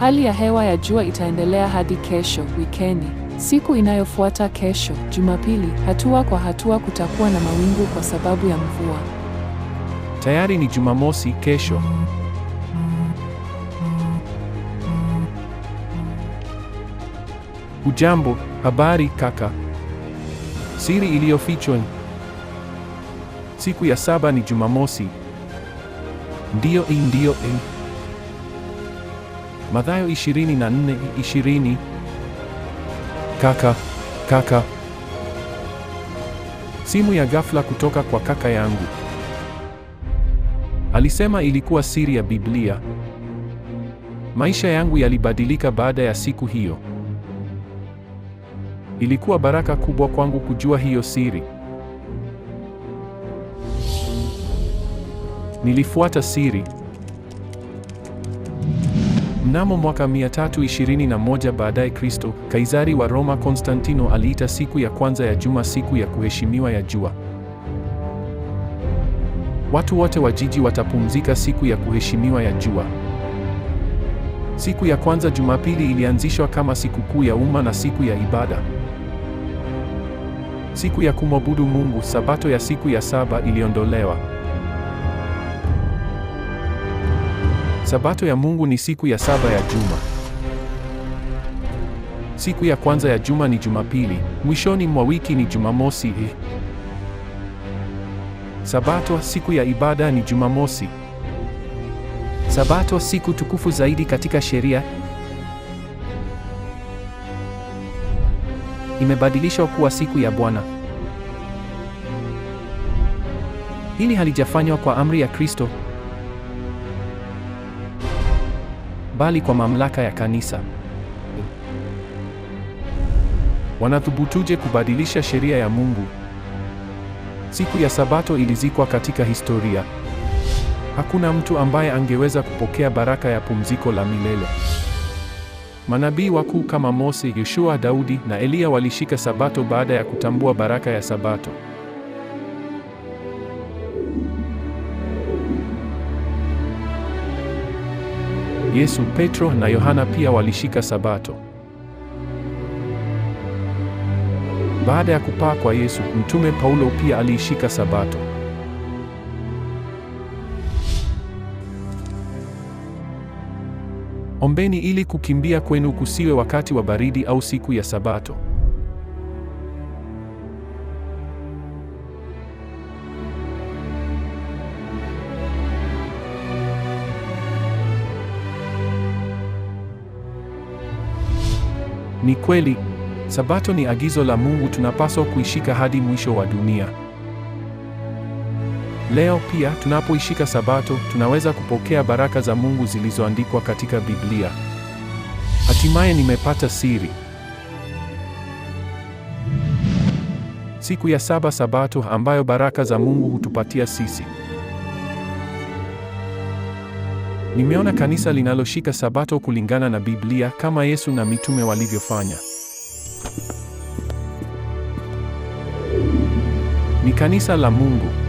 Hali ya hewa ya jua itaendelea hadi kesho wikendi. Siku inayofuata kesho, Jumapili, hatua kwa hatua kutakuwa na mawingu kwa sababu ya mvua. Tayari ni Jumamosi kesho. Ujambo, habari kaka. Siri iliyofichwa. Siku ya saba ni Jumamosi. Ndiyo, hii ndiyo, hii. Eh. Mathayo 24:20. Kaka, kaka. Simu ya ghafla kutoka kwa kaka yangu. Alisema ilikuwa siri ya Biblia. Maisha yangu yalibadilika baada ya siku hiyo. Ilikuwa baraka kubwa kwangu kujua hiyo siri. Nilifuata siri. Mnamo mwaka 321 baadaye Kristo, Kaisari wa Roma Konstantino aliita siku ya kwanza ya juma siku ya kuheshimiwa ya jua. Watu wote wa jiji watapumzika siku ya kuheshimiwa ya jua. Siku ya kwanza Jumapili ilianzishwa kama sikukuu ya umma na siku ya ibada. Siku ya kumwabudu Mungu, Sabato ya siku ya saba iliondolewa. Sabato ya Mungu ni siku ya saba ya juma. Siku ya kwanza ya juma ni Jumapili, mwishoni mwa wiki ni Jumamosi. Sabato, siku ya ibada, ni Jumamosi. Sabato, siku tukufu zaidi katika sheria, imebadilishwa kuwa siku ya Bwana. Hili halijafanywa kwa amri ya Kristo. bali kwa mamlaka ya kanisa. Wanathubutuje kubadilisha sheria ya Mungu? Siku ya Sabato ilizikwa katika historia. Hakuna mtu ambaye angeweza kupokea baraka ya pumziko la milele. Manabii wakuu kama Mose, Yoshua, Daudi na Eliya walishika Sabato baada ya kutambua baraka ya Sabato. Yesu, Petro na Yohana pia walishika Sabato. Baada ya kupaa kwa Yesu, Mtume Paulo pia aliishika Sabato. Ombeni ili kukimbia kwenu kusiwe wakati wa baridi au siku ya Sabato. Ni kweli, Sabato ni agizo la Mungu tunapaswa kuishika hadi mwisho wa dunia. Leo pia tunapoishika Sabato, tunaweza kupokea baraka za Mungu zilizoandikwa katika Biblia. Hatimaye nimepata siri. Siku ya saba Sabato ambayo baraka za Mungu hutupatia sisi. Nimeona kanisa linaloshika Sabato kulingana na Biblia kama Yesu na mitume walivyofanya. Ni kanisa la Mungu.